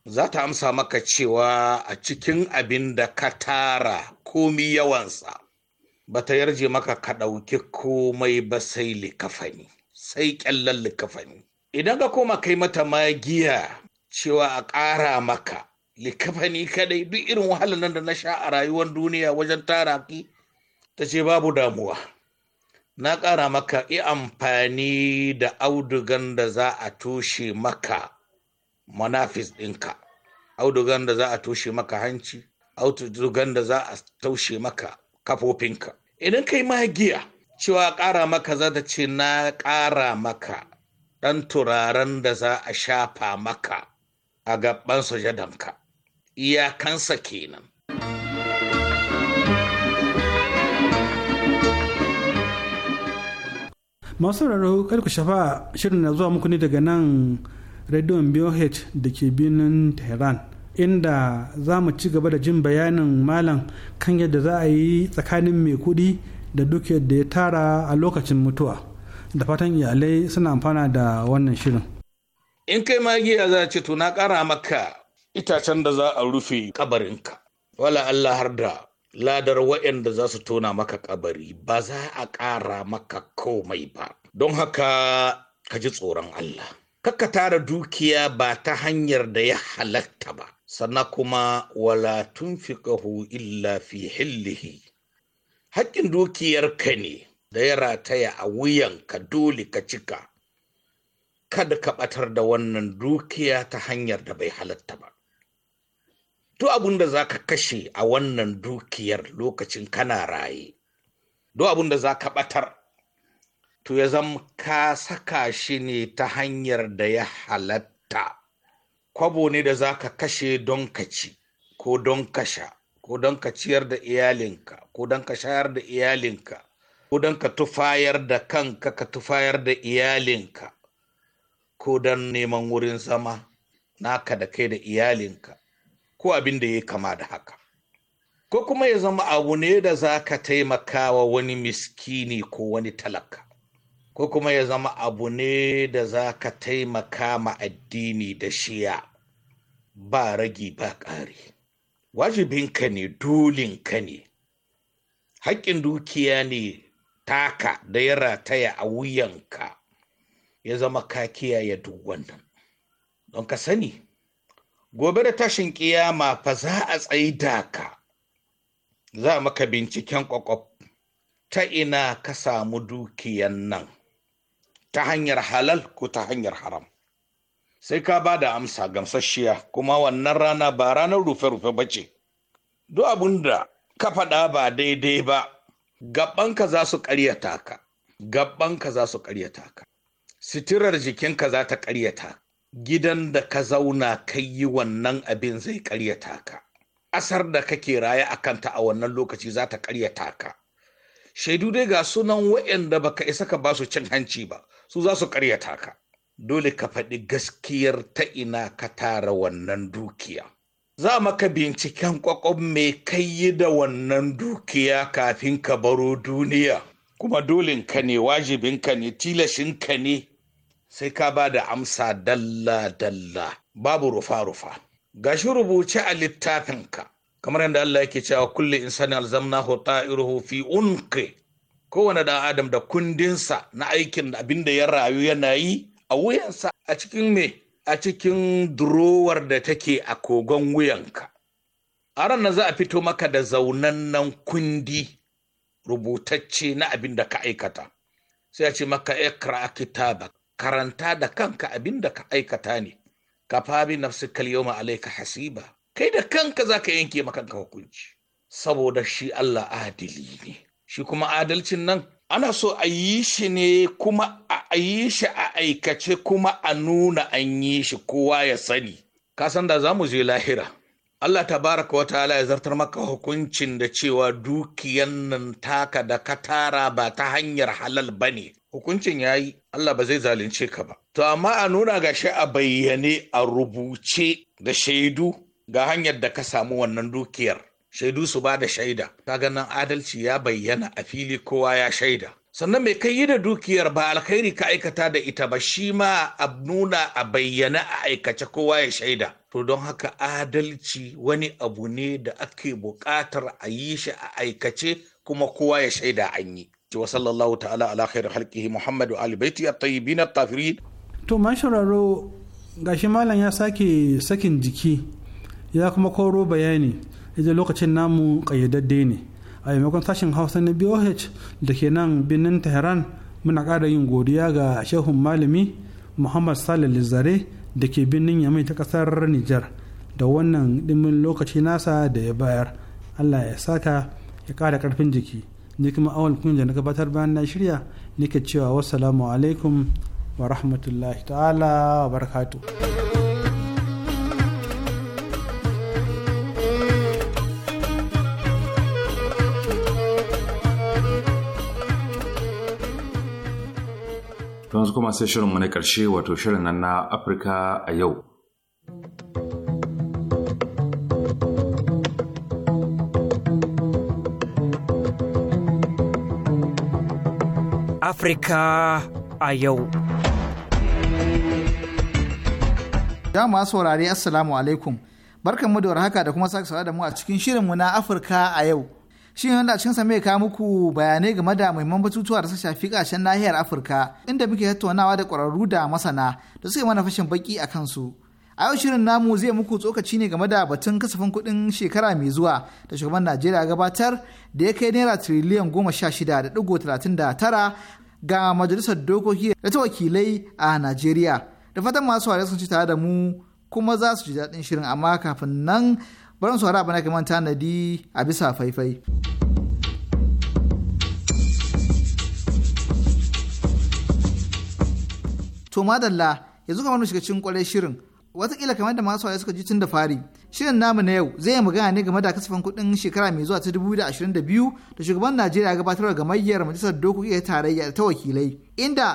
za ta amsa maka cewa a cikin abin da ka tara komi yawansa ba ta yarje maka ka ɗauki komai ba sai likafani sai ƙyallen likafani idan ka koma kai mata magiya cewa a ƙara maka likafani kadai duk irin wahalar nan da na sha a rayuwar duniya wajen tara ki ta ce babu damuwa na ƙara maka yi amfani da audugan da za a toshe maka manafis ɗinka audugan da za a toshe maka hanci audugan da za a toshe maka kafofinka idan kai magiya cewa ƙara maka za ta ce na ƙara maka ɗan turaren da za a shafa maka a gaban sujadanka iyakansa kenan masu raro karku shafa shirin na zuwa muku ne daga nan rediyon BOH da ke binin Tehran inda za mu ci gaba da jin bayanin malam kan yadda za a yi tsakanin mai kuɗi da duk yadda ya tara a lokacin mutuwa. da fatan iyalai suna amfana da wannan shirin in kai magiya za ce to na ƙara maka itacen da za a rufe kabarinka wala Allah har da ladar waɗanda za su tona maka kabari ba za a ƙara maka komai ba don haka ka ji tsoron Allah kakka tara dukiya ba ta hanyar da ya halatta ba sannan kuma wala tunfiqahu illa fi hillihi haƙƙin dukiyarka ne da ya rataya a wuyan ka dole ka cika kada ka ɓatar da wannan dukiya ta hanyar da bai halatta ba duk abin da za ka kashe a wannan dukiyar lokacin kana raye duk abin da za ka ɓatar to ya zama ka saka shi ne ta hanyar da ya halatta kwabo ne da za ka kashe don ka ci ko don ka sha ko don ka ciyar da iyalinka ko don ka shayar da iyalinka ko don ka tufayar da kanka ka tufayar da iyalinka ko don neman wurin zama naka da kai da iyalinka ko abin da ya kama da haka ko kuma ya zama abu ne da za ka taimaka wa wani miskini ko wani talaka ko kuma ya zama abu ne da za ka taimaka ma addini da shiya ba ragi ba ƙari wajibinka ne dolinka ne haƙƙin dukiya ne taka da ya rataya a wuyanka ya zama ka kiyaye duk wannan don ka sani gobe da tashin kiyama fa za a tsaida ka za maka binciken kwakwaf ta ina ka samu dukiyan nan ta hanyar halal ko ta hanyar haram sai ka ba da amsa gamsasshiya kuma wannan rana ba ranar rufe-rufe ba ce duk abin da ka faɗa ba daidai ba gabanka za su karyata ka gabanka za su karyata ka sitirar jikinka za ta karyata gidan da ka zauna kai yi wannan abin zai karyata ka ƙasar da kake raye a kanta a wannan lokaci za ta karyata ka shaidu dai ga sunan wa'anda baka isa ka basu cin hanci ba su za su karyata ka dole ka faɗi gaskiyar ta ina ka tara wannan dukiya za maka binciken kwakwab mai kai yi da wannan dukiya kafin ka baro duniya kuma dolinka ne wajibinka ne tilashinka ne sai ka ba da amsa dalla-dalla babu rufa-rufa Ga shi rubuce a littafinka kamar yadda Allah yake cewa kulle insani alzamnahu ta'iruhu fi unqi kowane dan adam da kundinsa na aikin abin da ya rayu yana yi a wuyansa a cikin me a cikin durowar da take a kogon wuyanka. A ran za a fito maka da nan kundi rubutacce na abin da ka aikata. Sai a ce maka ikra kitaba karanta da kanka abin da ka aikata ne. Ka fabi nafsi kalyoma alaika hasiba. Kai da kanka za ka yanke maka hukunci. Saboda shi Allah adili ne. Shi kuma adalcin nan ana so a yi shi ne kuma a yi shi a aikace kuma a nuna an yi shi kowa ya sani kasan da za mu je lahira Allah ta baraka wa ta'ala ya zartar maka hukuncin da cewa dukiyan nan taka da ka tara ba ta hanyar halal ba ne hukuncin ya yi Allah ba zai zalunce ka ba to amma a nuna ga shi a bayyane a rubuce da shaidu ga hanyar da ka samu wannan dukiyar shaidu su ba da shaida Ta ganin adalci ya bayyana a fili kowa ya shaida sannan mai kai yi da dukiyar ba alkhairi ka aikata da ita ba shi ma a nuna a bayyana a aikace kowa ya shaida to don haka adalci wani abu ne da ake buƙatar a yi shi a aikace kuma kowa ya shaida an yi sallallahu ta'ala ala khairu halqihi muhammad wa ali baiti tafirin to gashi malam ya sake sakin jiki ya kuma koro bayani ita lokacin namu kayyadadde ne a maimakon sashen hausa na boh da ke nan birnin tehran muna kara yin godiya ga shehun malami muhammad salih lizare da ke birnin yamai ta ƙasar nijar da wannan ɗimin lokaci nasa da ya bayar allah ya saka ya kara karfin jiki ni kuma awal kun da na gabatar bayan na shirya nake cewa wassalamu alaikum wa rahmatullahi ta'ala wa barakatuh yanzu kuma sai shirinmu na ƙarshe wato shirin nan na Afirka a yau. Afirka a yau. Dama saurari Assalamu alaikum. mu da warhaka da kuma sake da mu a cikin shirinmu na Afirka a yau. Shin yanda cikin sa mai kawo muku bayanai game da muhimman batutuwa da ta shafi kashen nahiyar Afirka inda muke tattaunawa da kwararru da masana da suke mana fashin baki a kansu. A yau shirin namu zai muku tsokaci ne game da batun kasafin kuɗin shekara mai zuwa da shugaban Najeriya gabatar da ya kai naira tiriliyan goma sha shida da ɗigo talatin da tara ga majalisar dokoki da ta wakilai a Najeriya. Da fatan masu wari sun ci tare da mu kuma za su ji daɗin shirin amma kafin nan bari su haraba na kaman tanadi a bisa faifai. To madalla yanzu kamar mu shiga cikin kwarai shirin watakila kamar da masu waye suka ji tun da fari shirin namu na yau zai magana ne game da kasafin kuɗin shekara mai zuwa ta 2022 da shugaban najeriya ya gabatar da gamayyar majalisar dokoki tarayya ta wakilai inda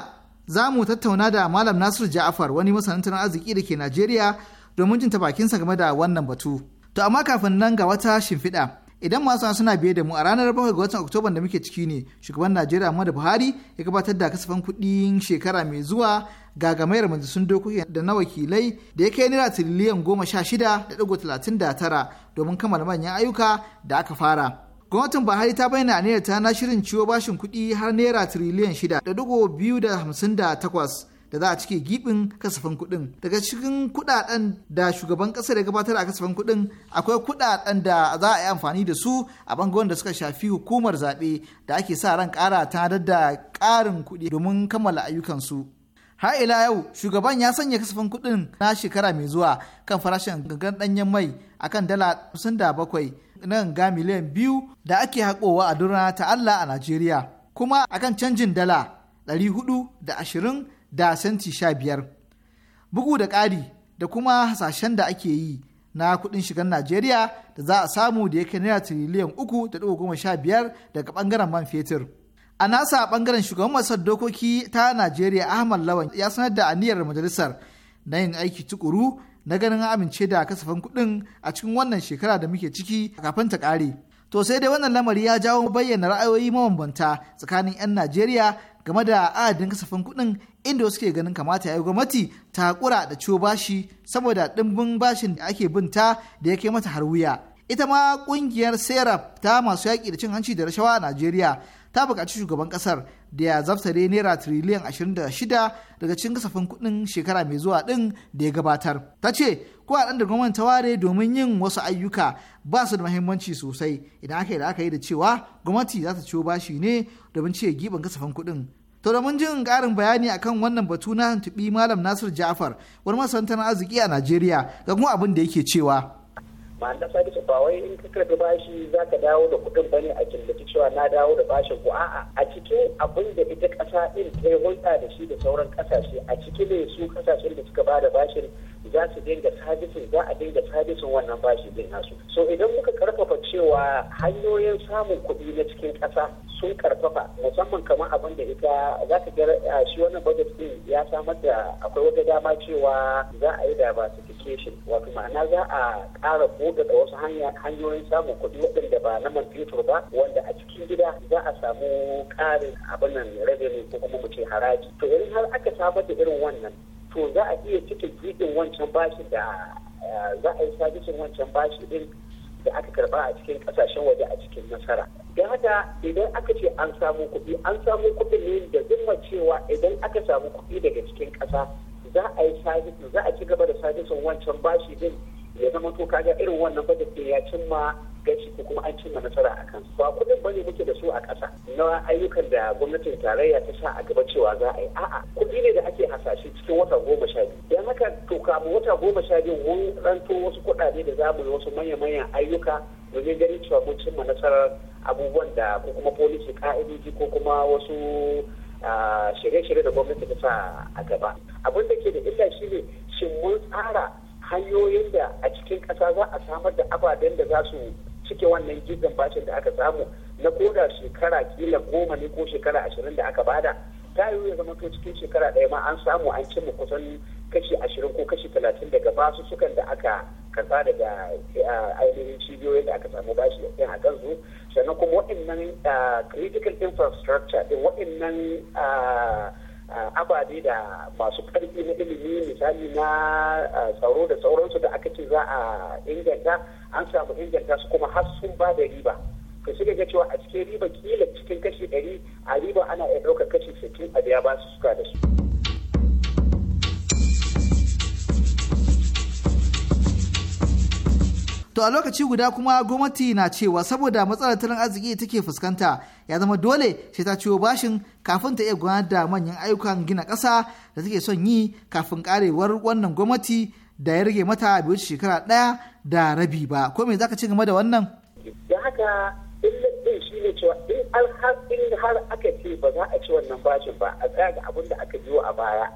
za mu tattauna da malam nasir ja'afar wani masanin tattalin arziki da ke najeriya domin jin ta bakinsa game da wannan batu. To amma kafin nan ga wata shimfiɗa idan masu suna biye da mu a ranar bakwai ga watan Oktoba da muke ciki ne shugaban Najeriya Muhammadu Buhari ya gabatar da kasafin kuɗin shekara mai zuwa ga gamayar majalisun dokoki da na wakilai da ya kai naira tiriliyan goma sha shida da ɗigo talatin da tara domin kammala manyan ayyuka da aka fara. Gwamnatin Buhari ta bayyana naira ta na shirin ciwo bashin kuɗi har naira tiriliyan shida da ɗigo biyu da hamsin da takwas da za a cike gibin kasafin kuɗin daga cikin kuɗaɗen da shugaban ƙasa da gabatar a kasafin kuɗin akwai kuɗaɗen da za a yi amfani da su a bangon da suka shafi hukumar zaɓe da ake sa ran ƙara tanadar da ƙarin kuɗi domin kammala ayyukansu har ila yau shugaban ya sanya kasafin kuɗin na shekara mai zuwa kan farashin gangan ɗanyen mai akan dala kusan da bakwai na ganga miliyan biyu da ake haƙowa a durna ta Allah a Najeriya kuma akan canjin dala ɗari hudu da ashirin da senti sha biyar bugu da ƙari da kuma hasashen da ake yi na kuɗin shigan najeriya da za a samu da ya kai naira tiriliyan uku da goma sha biyar daga ɓangaren man fetur a nasa ɓangaren shugaban masar dokoki ta najeriya ahmad lawan ya sanar da aniyar majalisar na yin aiki tukuru na ganin amince da kasafin kuɗin a cikin wannan shekara da muke ciki kafin ta ƙare to sai dai wannan lamari ya jawo bayyana ra'ayoyi mabambanta tsakanin 'yan najeriya game da adadin kasafin kuɗin inda wasu ke ganin kamata ya yi gwamnati ta haƙura da ciwo bashi saboda ɗimbin bashin da ake binta da ya kai mata har wuya. Ita ma ƙungiyar Serap ta masu yaki da cin hanci da rashawa a Najeriya ta buƙaci shugaban ƙasar da ya zaftare naira tiriliyan 26 daga cikin kasafin kuɗin shekara mai zuwa ɗin da ya gabatar. Ta ce, ko a da gwamnati ta ware domin yin wasu ayyuka ba su da mahimmanci sosai idan aka yi da aka yi da cewa gwamnati za ta ciwo bashi ne domin ce giɓin kasafin kuɗin. To da mun jin ƙarin bayani akan wannan batu na tuntuɓi Malam Nasir Ja'far wani masantar arziki a Najeriya ga kuma abin da yake cewa. Ma'ana sadisu ba wai in ka karbi bashi za ka dawo da kuɗin ba ne a killace cewa na dawo da bashin ko a'a a cikin abin da ita ƙasa ɗin ta hulɗa da shi da sauran ƙasashe a ciki ne su ƙasashen da suka ba da bashin za su dinga sabisin za a dinga sabisin wannan bashi din nasu so idan muka karfafa cewa hanyoyin samun kuɗi na cikin ƙasa sun karfafa musamman kamar abin da ita za ka ga shi wannan budget din ya samar da akwai wata dama cewa za a yi diversification wato ma'ana za a ƙara buɗe da wasu hanyoyin samun kuɗi waɗanda ba na man fetur ba wanda a cikin gida za a samu ƙarin abin nan revenue ko kuma mu ce haraji to idan har aka samar da irin wannan to za a iya cika gidin wancan bashi da eh, za a yi sabisin wancan bashi din da aka karba a cikin kasashen waje a cikin nasara da haka idan aka ce an samu kuɗi an samu kuɗi ne da zimma cewa idan aka samu kuɗi daga cikin ƙasa za a yi sabisin za a ci gaba da sabisin wancan bashi din ya zama to kaga irin wannan ba ke ya cimma gaci ko kuma an cimma nasara a kansu ba kuɗin bane muke da su a ƙasa na ayyukan da gwamnatin tarayya ta sa a gaba cewa za a yi a'a kuɗi ne da ake hasashe cikin wata goma sha biyu don haka to kamun wata goma sha biyu mun ranto wasu kuɗaɗe da za mu yi wasu manya-manyan ayyuka domin ganin cewa mun cimma nasarar abubuwan da ko kuma polisi ka'idoji ko kuma wasu shirye-shirye da gwamnati ta sa a gaba abin da ke da illa shine ne shin mun tsara hanyoyin da a cikin ƙasa za a samar da ababen da za su cike wannan gizon bashin da aka samu na koda shekara kila goma ne ko shekara ashirin da aka bada ta yiwu ya zama cikin shekara ɗaya ma an samu an cimma kusan kashi ashirin ko kashi talatin daga basu sukan da aka kasa daga ainihin cibiyoyin da aka samu bashi ɗin a kansu sannan kuma waɗannan critical infrastructure ɗin waɗannan ababe da masu karfi na ilimi misali na tsaro da sauransu da aka ce za a inganta an samu inganta su kuma har sun ba da riba ka shiga ga cewa a cikin riba kila cikin kashi ɗari a riba ana iya ɗaukar kashi sittin a biya ba su suka da su to a lokaci guda kuma gwamnati na cewa saboda matsalar tattalin arziki take fuskanta ya zama dole sai ta ciwo bashin kafin ta iya gudanar da manyan ayyukan gina ƙasa da take son yi kafin karewar wannan gwamnati da ya rage mata a wuce shekara ɗaya da rabi ba ko me zaka ci game da wannan da haka cewa in har aka ce ba za a ci wannan bashin ba a tsaya ga abin da aka biyo a baya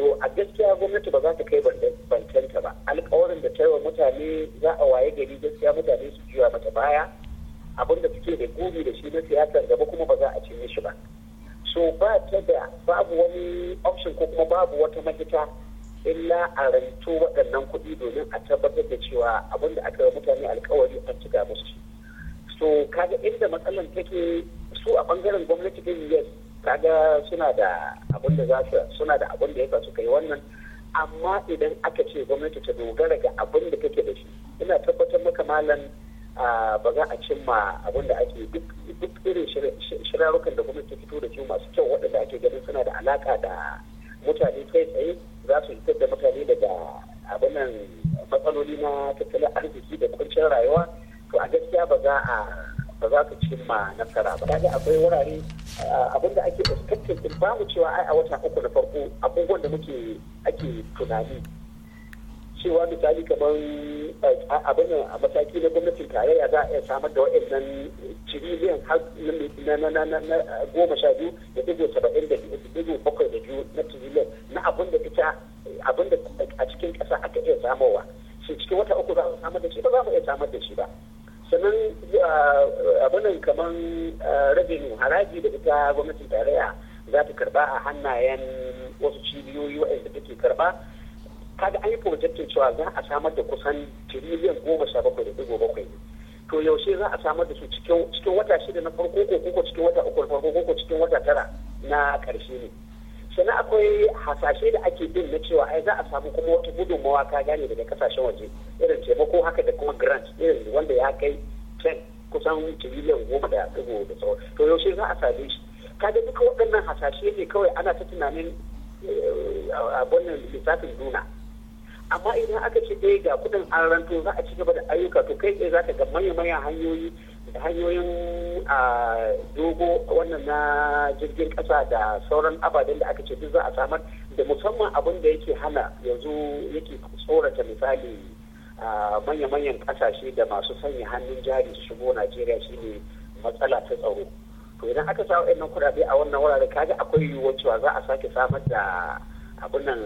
to a gaskiya gwamnati ba za ta kai bantanta ba alkawarin da ta yi wa mutane za a waye gari gaskiya mutane su juya mata baya abinda suke da guri da shi na siyasar gaba kuma ba za a cinye shi ba so ba ta da babu wani option ko kuma babu wata mafita illa a ranto waɗannan kuɗi domin a tabbatar da cewa abin da aka yi mutane alkawari an cika musu so kaga inda matsalan take su a ɓangaren gwamnati din yes kaga suna da abin da za suna da abin da ya su kai wannan amma idan aka ce gwamnati ta dogara ga abin da take da shi ina tabbatar maka malam ba za a cimma abin da ake duk irin shirarrukan da gwamnati ta fito da su masu kyau waɗanda ake ganin suna da alaka da mutane kai tsaye za su fitar da mutane daga abin nan matsaloli na tattalin arziki da kwanciyar rayuwa to a gaskiya ba za a ba za ka ma nasara ba kaga akwai wurare ah, abin da ake expected din ba mu cewa ai a wata uku na farko abubuwan da muke ake tunani cewa misali kamar ah, abin a mataki na gwamnatin tarayya za a iya samar da wa'annan tiriliyan har na goma sha biyu da dubu saba'in da dubu bakwai da biyu na tiriliyan na abin da ita abin da a cikin ƙasa aka iya samowa shi cikin wata uku za a samar da shi ba za mu iya samar da shi ba sannan ah, abinan kamar ah, rabin haraji da ita gwamnatin tarayya za ta karba a hannayen wasu cibiyoyi waɗanda take karba kaga an yi projectin cewa za a samar da kusan tiriliyan goma sha bakwai da ɗigo bakwai to yaushe za a samar da su cikin wata shida na farko ko cikin wata uku farko ko cikin wata tara na ƙarshe ne sannan akwai hasashe da ake bin na cewa ai za a samu kuma wata gudunmawa ka gane daga kasashen waje irin taimako haka da kuma grant irin wanda ya kai 10 kusan tiriliyan goma da dubu da tsawo to yaushe za a same shi kaga duka waɗannan hasashe ne kawai ana ta tunanin eh, a wannan lissafin nuna amma idan aka ce ɗaya eh, ga kuɗin an ranto za a ci gaba da ayyuka to kai tsaye za ka ga manya-manyan hanyoyi hanyoyin a dogo wannan na jirgin kasa da sauran ababen da aka ce duk za a samar da musamman abin da yake hana yanzu yake tsorata misali manya-manyan kasashe da masu sanya hannun jari su shigo najeriya shine matsala ta tsaro to idan aka sa wa'annan kudade a wannan wurare kaga akwai yiwuwar cewa za a sake samar da abin nan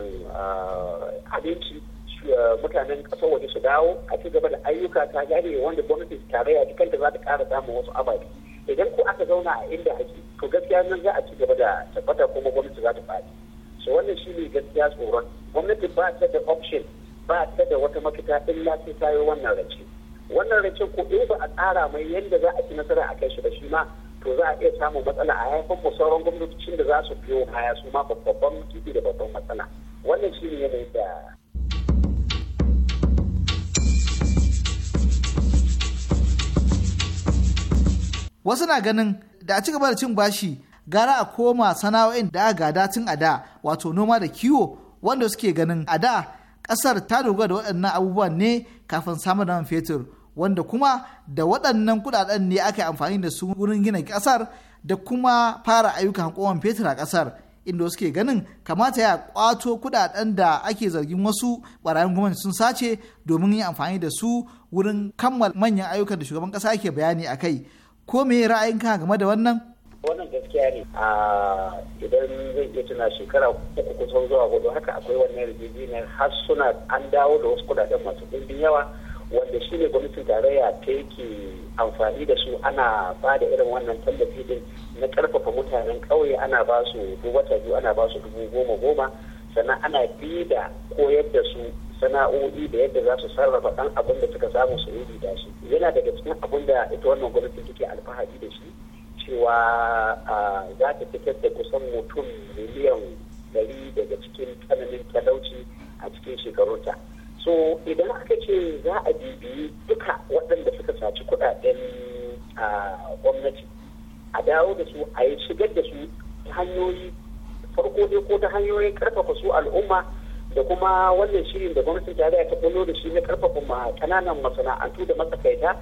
abinci Eh, mutanen ƙasar waje su dawo a ci gaba da ayyuka ta gane wanda gwamnatin tarayya ta kanta za ta ƙara samun wasu ababe idan ko aka zauna a inda ake to gaskiya nan za a ci gaba da tabbata kuma gwamnati za ta faɗi so wannan shi ne gaskiya tsoron gwamnati ba ta da option ba ta da wata mafita in sai ta yi wannan rance wannan rancen ko in ba a tsara mai yadda za a ci nasara a kai shi da shi ma to za a iya samun matsala a haifan mu sauran gwamnatocin da za su biyo baya su ma babban kifi da babban matsala wannan shi ne yanayin da wasu na ganin da a ci gaba da cin bashi gara a koma sana'o'in da aka gada tun a da wato noma da kiwo wanda suke ganin a da ƙasar ta dogara da waɗannan abubuwan ne kafin samar da man fetur wanda kuma da waɗannan kuɗaɗen ne aka yi amfani da su wurin gina ƙasar da kuma fara ayyukan kowan fetur a ƙasar inda suke ganin kamata ya kwato kuɗaɗen da ake zargin wasu barayin gwamnati sun sace domin yin amfani da su wurin kammala manyan ayyukan da shugaban ƙasa yake bayani a kai ko me ra'ayinka game da wannan wannan gaskiya ne a idan zai iya tuna shekara uku kusan zuwa hudu haka akwai wannan yarjejeniyar har suna an dawo da wasu kudaden masu ɗumbin yawa wanda shi ne gwamnatin tarayya ta yake amfani da su ana ba da irin wannan tallafi din na karfafa mutanen ƙauye ana ba su wata biyu ana ba su dubu goma goma sannan ana bi da koyar da su sana'o'i da yadda za su sarrafa ɗan abin da suka samu su yi da shi yana daga cikin abin da ita wannan gwamnati take alfahari da shi cewa za ta fitar da kusan mutum miliyan ɗari daga cikin tsananin talauci a cikin shekarunta so idan aka ce za a bibiyi duka waɗanda suka saci kuɗaɗen gwamnati a dawo da su a yi shigar da su ta hanyoyi farko dai ko ta hanyoyin karfafa su al'umma da kuma wannan shirin da gwamnatin tarayya ta kullo da shi na karfafa ma kananan masana'antu da matsakaita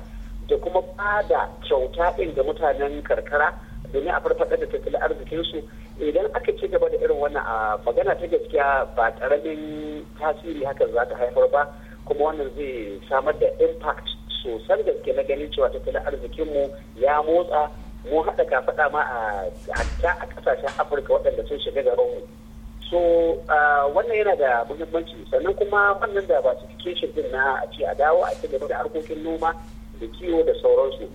da kuma ba da kyauta ɗin ga mutanen karkara domin a farfaɗa da tattalin arzikinsu idan aka ci gaba da irin wannan a magana ta gaskiya ba ƙaramin tasiri hakan za ta haifar ba kuma wannan zai samar da impact sosan gaske na ganin cewa tattalin arzikinmu ya motsa mu haɗa kafaɗa ma a hatta a ƙasashen afirka waɗanda sun shiga gabanmu so uh, wannan yana da muhimmanci sannan kuma wannan da basification din na a ce a dawo a cigaba da harkokin noma da kiwo da sauransu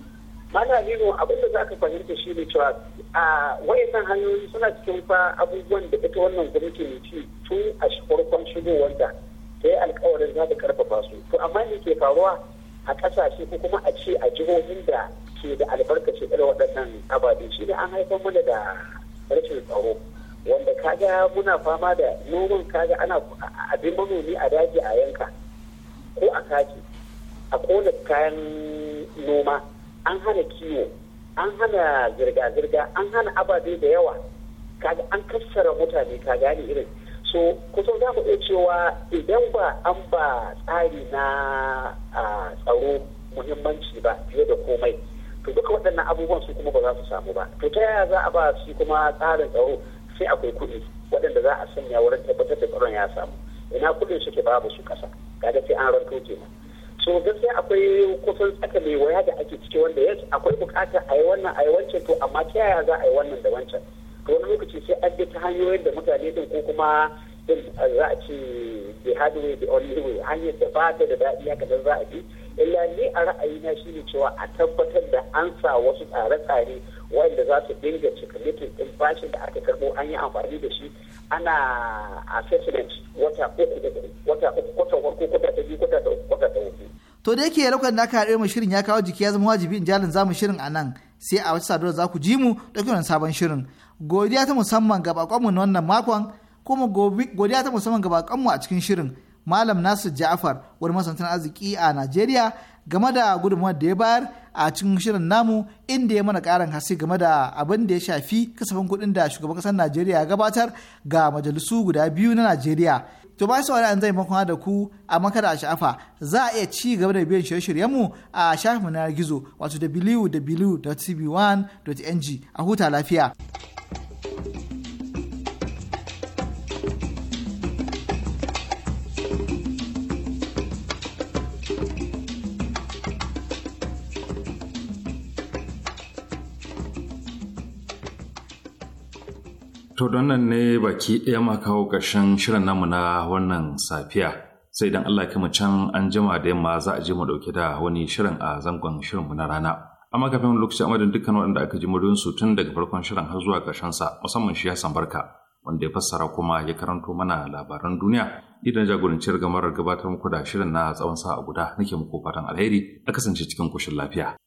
mana nino abin da za ka fahimta shi ne cewa a wayannan hanyoyi suna cikin fa abubuwan da ita wannan gwamnati ne ci tun a farkon shigowanta ta yi alkawarin za ta karfafa su to amma me ke faruwa a kasashe ko kuma a ce a jihohin da ke da albarkaci irin waɗannan ababe shi ne an haifar mana da rashin tsaro wanda kaga muna fama da noman kaga ana abin manomi a daji a yanka ko a kaki a kona kayan noma an hana kiwo an hana zirga-zirga an hana ababe da yawa kaga an kassara mutane ka gane irin so kusan za mu iya cewa idan ba an ba tsari na tsaro muhimmanci ba fiye da komai to duka waɗannan abubuwan su kuma ba za su samu ba to ta yaya za a ba su kuma tsarin tsaro sai akwai kuɗi waɗanda za a sanya wurin tabbatar da tsaron ya samu ina kuɗin suke babu su ƙasa kaga sai an ranto kenan so gaskiya akwai kusan tsaka mai waya da ake ciki wanda yes akwai bukatar a yi wannan a yi wancan to amma ta yaya za a yi wannan da wancan to wani lokaci sai an bi ta hanyoyin da mutane din ko kuma din za a ce the hard way the only hanyar da ba ta da daɗi haka za a bi illa ni a ra'ayina shi ne cewa a tabbatar da an sa wasu tsare-tsare wanda za su dinga cika mitin din bashin da aka karbo an yi amfani da shi ana assessment wata uku wata uku kwata farko kwata ta biyu kwata ta uku kwata ta uku to da yake lokacin da aka haɗe shirin ya kawo jiki ya zama wajibi in jalin zamu shirin a nan sai a wata saduwar za ku ji mu ɗauki wani sabon shirin godiya ta musamman ga bakonmu na wannan makon kuma godiya ta musamman ga bakonmu a cikin shirin malam nasir ja'afar wani masantan arziki a najeriya game da gudunmawar da ya bayar a cikin shirin namu inda ya mana karin hasi game da abin da ya shafi kasafin kuɗin da shugaban ƙasar najeriya gabatar ga majalisu guda biyu na najeriya to ba su an zai makon da ku a makara a sha'afa za a iya ci gaba da biyan shirye mu a shafin na gizo wato www.tv1.ng a huta lafiya. To don nan ne baki ɗaya ma kawo ƙarshen shirin namu na wannan safiya. Sai don Allah kama can an jima da yamma za a je mu ɗauke da wani shirin a zangon shirin shirinmu na rana. Amma kafin lokaci amadin dukkan waɗanda aka ji murin su tun daga farkon shirin har zuwa ƙarshen sa musamman shi Hassan Barka wanda ya fassara kuma ya karanto mana labaran duniya. Idan jagoranci gamarar gabatar muku da shirin na tsawon sa'a guda nake muku fatan alheri a kasance cikin koshin lafiya.